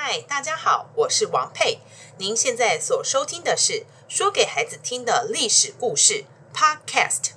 嗨，大家好，我是王佩。您現在所收聽的是《說給孩子聽的歷史故事》Podcast。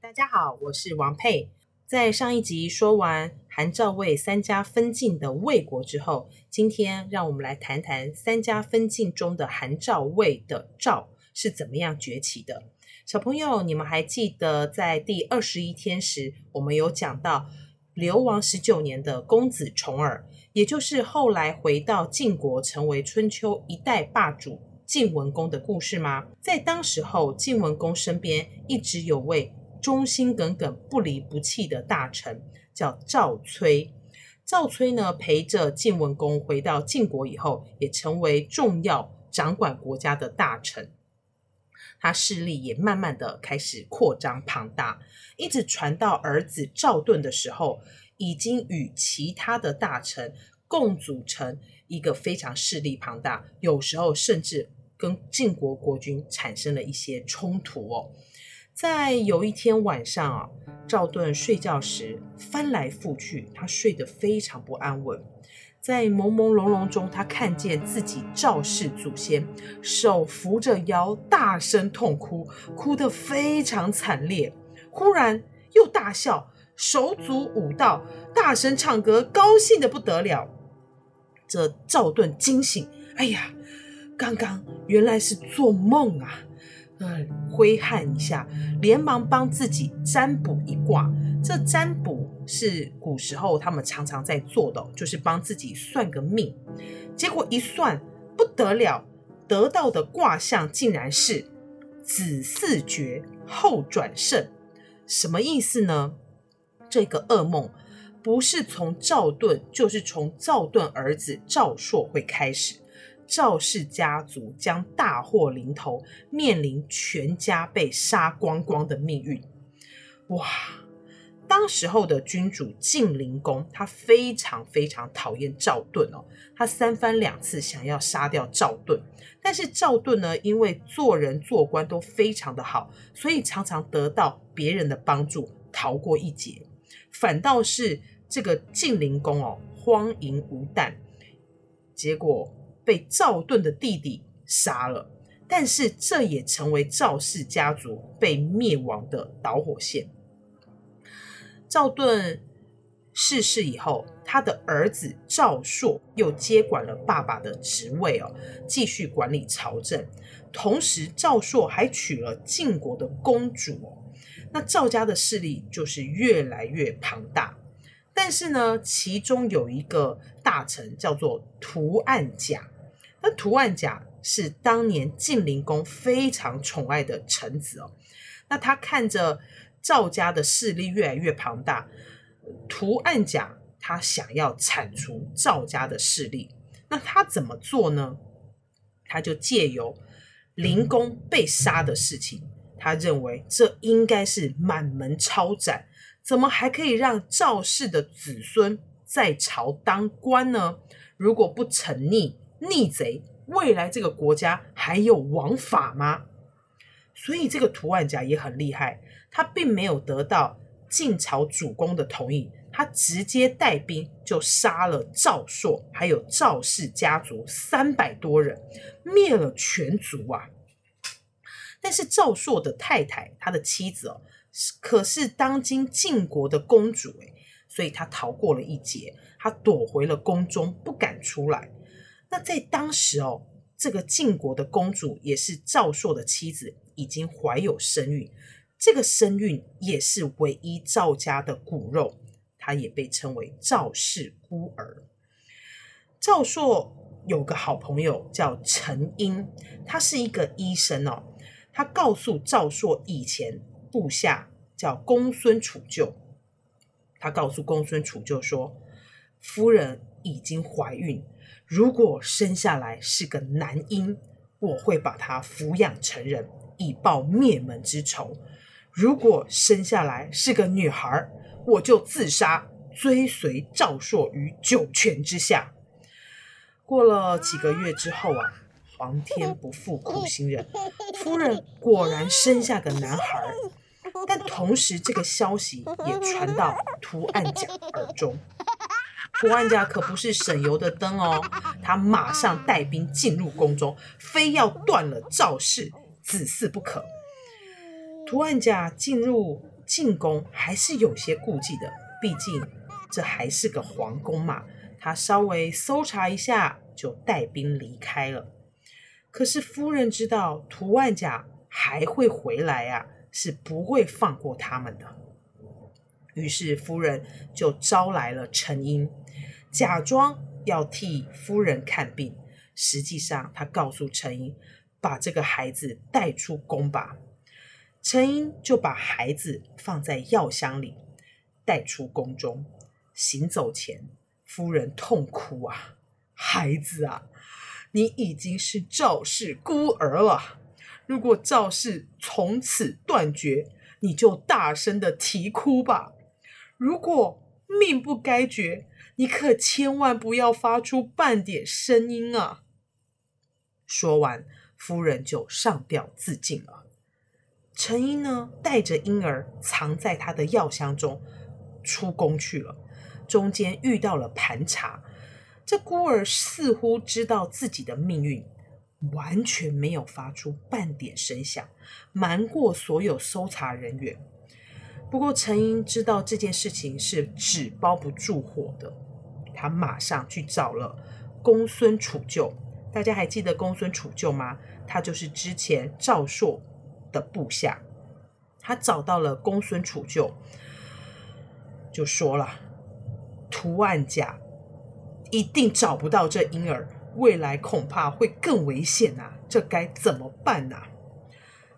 大家好，我是王佩。在上一集說完韓趙魏三家分晉的魏國之後，今天讓我們來談談三家分晉中的韓趙魏的趙是怎麼樣崛起的。小朋友，你們還記得在第二十一天時，我們有講到流亡十九年的公子重耳，也就是後來回到晉國成為春秋一代霸主晉文公的故事嗎？在當時候，晉文公身邊一直有位忠心耿耿、不離不棄的大臣。叫趙崔，趙崔呢，陪着晉文公回到晉國以後，也成為重要掌管國家的大臣，他勢力也慢慢的開始擴張龐大，一直傳到兒子趙盾的時候，已經與其他的大臣共組成一個非常勢力龐大，有時候甚至跟晉國國君產生了一些衝突哦。在有一天晚上啊，趙盾睡覺時翻來覆去，他睡得非常不安穩。在朦朦朧朧中，他看見自己趙氏祖先手扶着腰，大聲痛哭，哭得非常慘烈。忽然又大笑，手足舞蹈，大聲唱歌，高興得不得了。這趙盾驚醒，哎呀，剛剛原來是做夢啊。嗯、揮汗一下，連忙幫自己占卜一卦。這占卜是古時候他們常常在做的，就是幫自己算個命。結果一算不得了，得到的卦象竟然是子嗣絕，後轉勝。什麼意思呢？這個噩夢不是從趙盾，就是從趙盾兒子趙朔會開始。趙氏家族將大禍臨頭，面臨全家被殺光光的命運。哇！當時候的君主晉靈公，他非常非常討厭趙盾哦，他三番兩次想要殺掉趙盾，但是趙盾呢，因為做人做官都非常的好，所以常常得到別人的幫助，逃過一劫。反倒是這個晉靈公哦，荒淫無膽，結果，被趙盾的弟弟殺了，但是這也成為趙氏家族被滅亡的導火線。趙盾逝世以後，他的兒子趙朔又接管了爸爸的職位哦，繼續管理朝政。同時，趙朔還娶了晉國的公主，那趙家的勢力就是越來越龐大。但是呢，其中有一個大臣叫做屠岸賈。那屠岸賈是當年晉靈公非常寵愛的臣子哦，那他看着趙家的勢力越來越龐大，屠岸賈他想要鏟除趙家的勢力，那他怎麼做呢？他就借由靈公被殺的事情，他認為這應該是滿門抄斬，怎麼還可以讓趙氏的子孫在朝當官呢？如果不成立。逆賊，未來這個國家還有王法嗎？所以這個屠岸賈也很厲害，他並沒有得到晉朝主公的同意，他直接帶兵就殺了趙朔，還有趙氏家族三百多人，滅了全族啊。但是趙朔的太太，他的妻子哦，可是當今晉國的公主哎，所以他逃過了一劫，他躲回了宮中，不敢出來。那在當時哦，這個晉國的公主也是趙朔的妻子，已經懷有身孕。這個身孕也是唯一趙家的骨肉，她也被稱為趙氏孤兒。趙朔有個好朋友叫程嬰，他是一個醫生哦。他告訴趙朔以前部下叫公孫杵臼，他告訴公孫杵臼說：“夫人。”已經懷孕，如果生下來是個男嬰，我會把他撫養成人，以報滅門之仇；如果生下來是個女孩，我就自殺，追隨趙朔於九泉之下。過了幾個月之後啊，皇天不負苦心人，夫人果然生下個男孩。但同時，這個消息也傳到屠岸賈耳中。屠岸賈可不是省油的燈哦，他馬上帶兵進入宮中，非要斷了趙氏子嗣不可。屠岸賈進入進宮還是有些顧忌的，畢竟這還是個皇宮嘛。他稍微搜查一下，就帶兵離開了。可是夫人知道屠岸賈還會回來呀、啊，是不會放過他們的。於是夫人就招來了陳英，假裝要替夫人看病，實際上她告訴陳英，把這個孩子帶出宮吧。陳英就把孩子放在藥箱裡，帶出宮中。行走前，夫人痛哭啊，孩子啊，你已經是趙氏孤兒了。如果趙氏從此斷絕，你就大聲的啼哭吧。如果命不該絕，你可千萬不要發出半點聲音啊！說完，夫人就上吊自盡了。程嬰呢，帶着嬰兒藏在他的藥箱中，出宮去了。中間遇到了盤查，這孤兒似乎知道自己的命運，完全沒有發出半點聲響，瞞過所有搜查人員。不過，程嬰知道這件事情是紙包不住火的，他馬上去找了公孫杵臼，大家還記得公孫杵臼嗎？他就是之前趙朔的部下。他找到了公孫杵臼，就說了：“屠岸賈一定找不到這嬰兒，未來恐怕會更危險吶、啊，這該怎麼辦吶、啊？”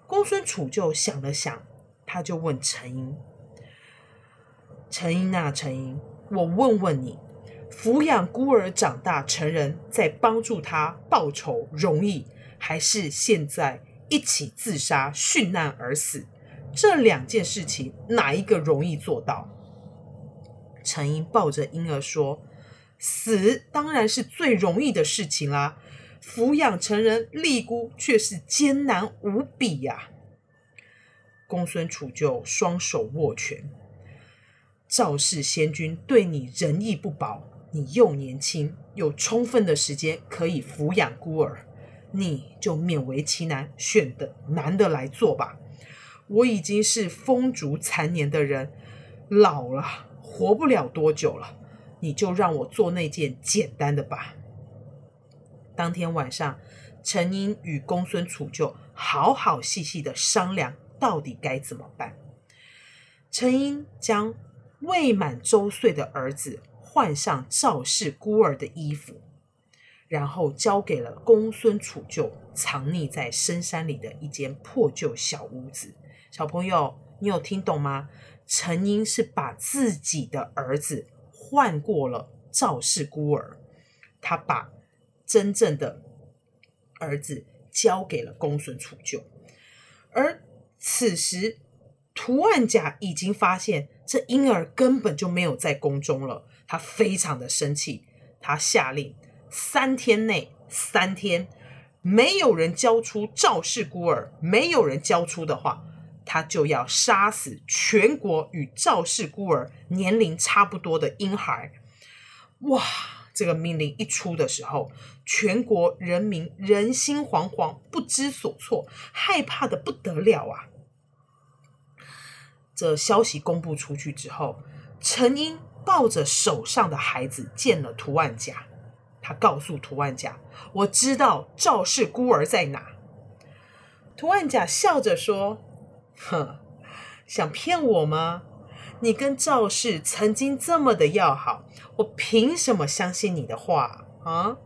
公孫杵臼想了想。他就問程嬰：“程嬰啊，程嬰，我問問你，撫養孤兒長大成人，再幫助他報仇容易，還是現在一起自殺殉難而死？這兩件事情，哪一個容易做到？”程嬰抱着嬰兒說：“死當然是最容易的事情啦，撫養成人立孤卻是艱難無比呀、啊。”公孫楚就雙手握拳，趙氏先君對你仁義不薄，你又年輕，有充分的時間可以撫養孤兒，你就勉為其難選難的來做吧。我已經是風燭殘年的人，老了，活不了多久了，你就讓我做那件簡單的吧。當天晚上，程嬰與公孫楚就好好細細的商量。到底該怎麼辦？陳英將未滿週歲的兒子換上趙氏孤兒的衣服，然後交給了公孫杵臼藏匿，在深山裡的一間破舊小屋子。小朋友，你有聽懂嗎？陳英是把自己的兒子換過了趙氏孤兒，他把真正的兒子交給了公孫杵臼而。此時，屠岸賈已經發現這嬰兒根本就沒有在宮中了。他非常的生氣，他下令三天內，三天沒有人交出趙氏孤兒，沒有人交出的話，他就要殺死全國與趙氏孤兒年齡差不多的嬰孩。哇！這個命令一出的時候，全國人民人心惶惶，不知所措，害怕得不得了啊！這消息公布出去之後，程嬰抱着手上的孩子見了屠岸賈，他告訴屠岸賈：“我知道趙氏孤兒在哪。”屠岸賈笑着說：“哼，想騙我嗎？”你跟趙氏曾經這麼的要好，我憑什麼相信你的話啊？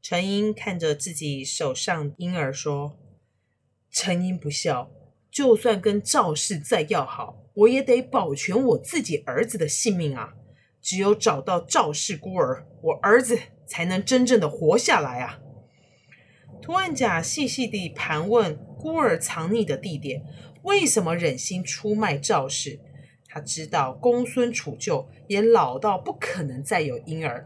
程嬰看着自己手上嬰兒說：“程嬰不孝，就算跟趙氏再要好，我也得保全我自己兒子的性命啊！只有找到趙氏孤兒，我兒子才能真正的活下來啊！”屠岸賈細細地盤問孤兒藏匿的地點，為什麼忍心出賣趙氏？他知道公孫杵臼也老到不可能再有嬰兒。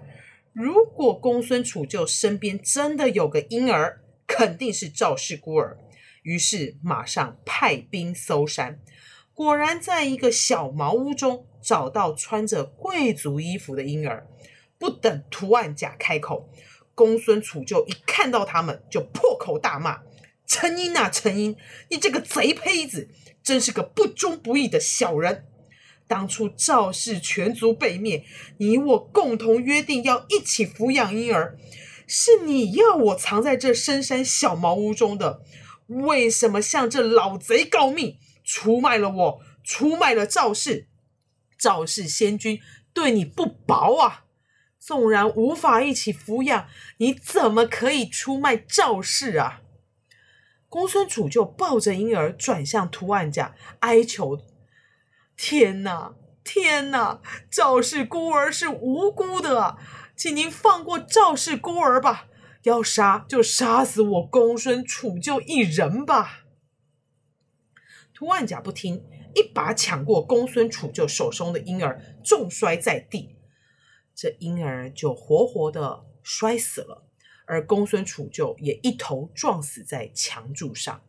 如果公孫杵臼身邊真的有個嬰兒，肯定是趙氏孤兒。於是馬上派兵搜山，果然在一個小茅屋中找到穿着貴族衣服的嬰兒。不等屠岸賈開口，公孫杵臼一看到他們就破口大罵：“程嬰啊，程嬰，你這個賊胚子，真是個不忠不義的小人！”當初趙氏全族被滅，你我共同約定要一起撫養嬰兒，是你要我藏在這深山小茅屋中的，為什麼向這老賊告密，出賣了我，出賣了趙氏？趙氏先君對你不薄啊，縱然無法一起撫養，你怎麼可以出賣趙氏啊？公孫杵就抱着嬰兒轉向屠岸賈哀求。天哪，天哪！趙氏孤兒是無辜的，請您放過趙氏孤兒吧。要殺就殺死我公孫杵臼一人吧。屠岸賈不聽，一把搶過公孫杵臼手中的嬰兒，重摔在地，這嬰兒就活活的摔死了，而公孫杵臼也一頭撞死在牆柱上。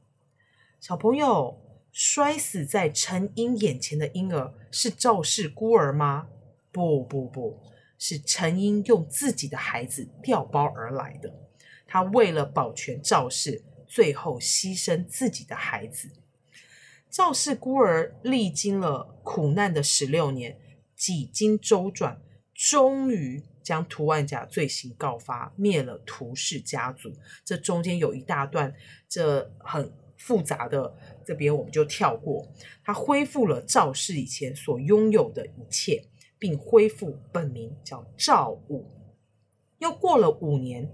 小朋友。摔死在程嬰眼前的嬰兒是趙氏孤兒嗎？不不不，是程嬰用自己的孩子調包而來的。他為了保全趙氏，最後犧牲自己的孩子。趙氏孤兒歷經了苦難的十六年，幾經周轉，終於將屠岸賈罪行告發，滅了屠氏家族。這中間有一大段，這很。複雜的，這邊我們就跳過。他恢復了趙氏以前所擁有的一切，並恢復本名叫趙武。又過了五年，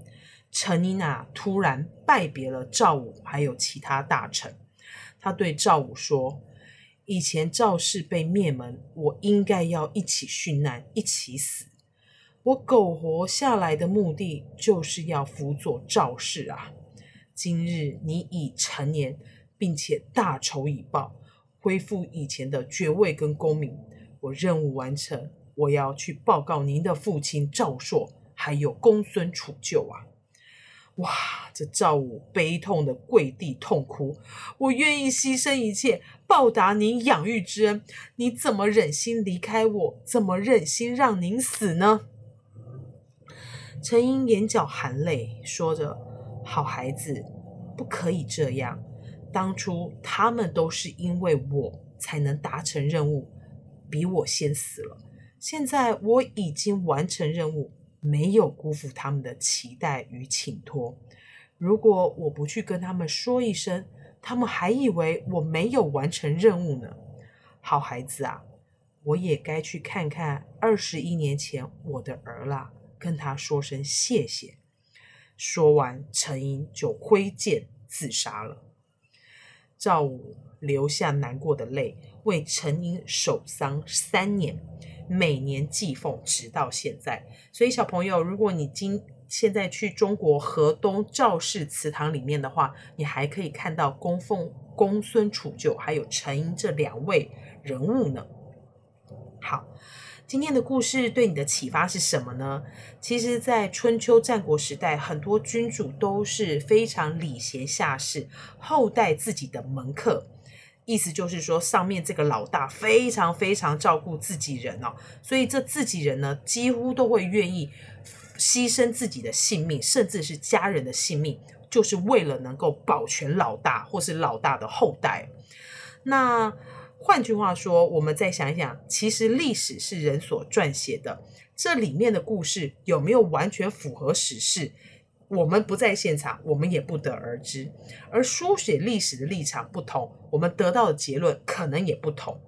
程嬰哪突然拜別了趙武還有其他大臣。他對趙武說：“以前趙氏被滅門，我應該要一起殉難，一起死。我苟活下來的目的，就是要輔佐趙氏啊。”今日你已成年，並且大仇已報，恢復以前的爵位跟功名，我任務完成。我要去報告您的父親趙朔，還有公孫杵臼啊！哇，這趙武悲痛的跪地痛哭，我願意犧牲一切報答您養育之恩。你怎麼忍心離開我？怎麼忍心讓您死呢？程嬰眼角含淚說着。好孩子，不可以這樣。當初他們都是因為我才能達成任務，比我先死了。現在我已經完成任務，沒有辜負他們的期待與請托。如果我不去跟他們說一聲，他們還以為我沒有完成任務呢。好孩子啊，我也該去看看二十一年前我的兒了啊，跟他說聲謝謝。說完，程嬰就揮劍自殺了。趙武流下難過的淚，為程嬰守喪三年，每年祭奉，直到現在。所以，小朋友，如果你今現在去中國河東趙氏祠堂裡面的話，你還可以看到供奉公孫杵臼，還有程嬰這兩位人物呢。好，今天的故事對你的啟發是什麼呢？其實，在春秋戰國時代，很多君主都是非常禮賢下士，厚待自己的門客。意思就是說，上面這個老大非常非常照顧自己人哦，所以這自己人呢，幾乎都會願意犧牲自己的性命，甚至是家人的性命，就是為了能夠保全老大或是老大的後代。那。換句話說，我們再想一想，其實歷史是人所撰寫的，這裡面的故事有沒有完全符合史事？我們不在現場，我們也不得而知。而書寫歷史的立場不同，我們得到的結論可能也不同。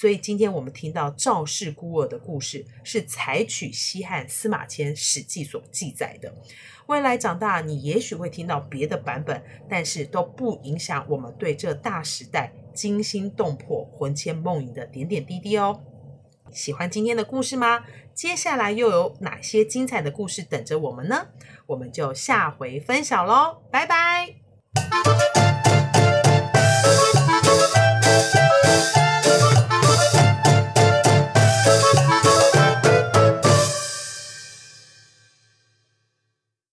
所以今天我們聽到趙氏孤兒的故事，是採取西漢司馬遷《史記》所記載的。未來長大，你也許會聽到別的版本，但是都不影響我們對這大時代驚心動魄、魂牽夢縈的點點滴滴哦。喜歡今天的故事嗎？接下來又有哪些精彩的故事等着我們呢？我們就下回分享嘍，拜拜。